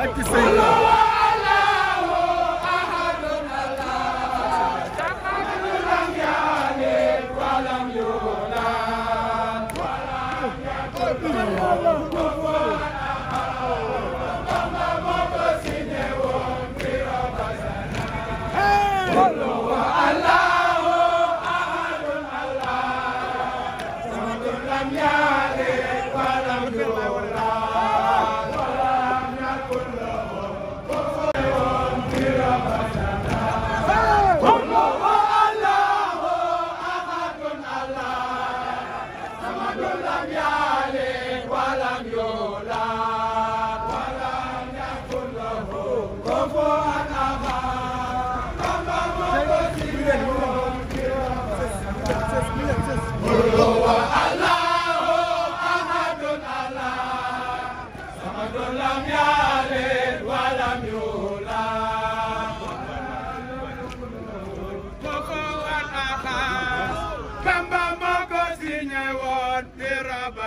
ak ci sëy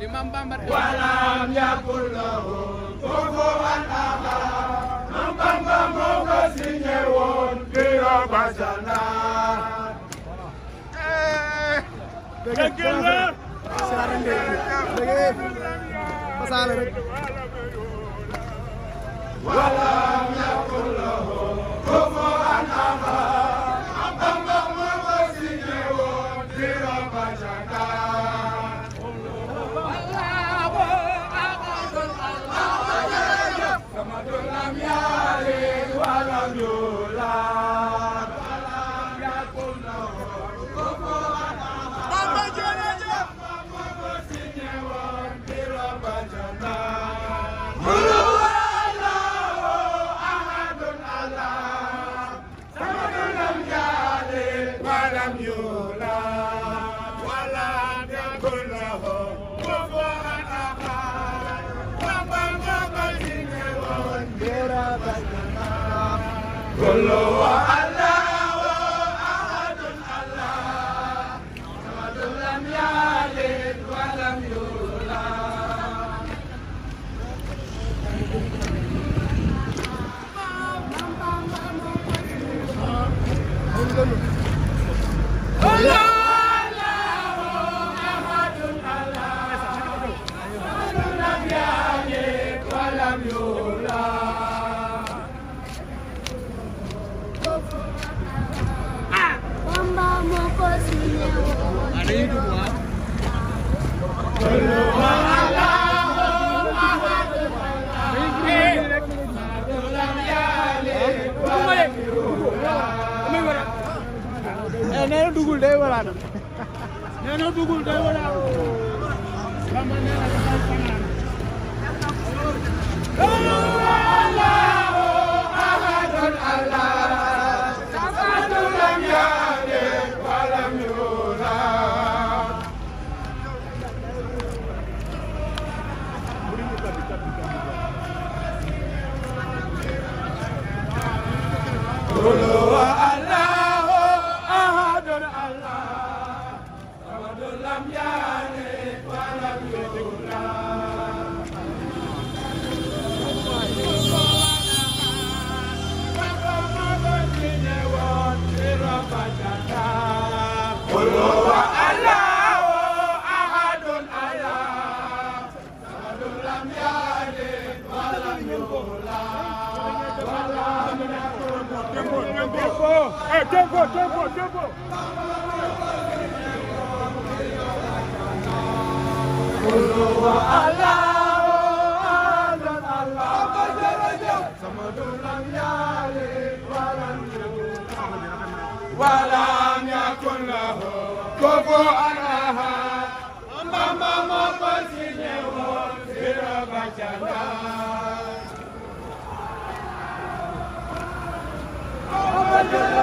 لمن بامبر ولم يكن له كفوا احد من بامبر موكا سينيون بيرا بجانا ولم يكن kullu neena dugul day walaana neena dugul day walaana bamba neena loolu tempo, tempo, tempo. Olúwa Allah, Allah, Allah. Apa saja sama dulam yale, walam yakun, walam yakun lahu kufuan ahad. Mama mama sinyewo, sirabacanda.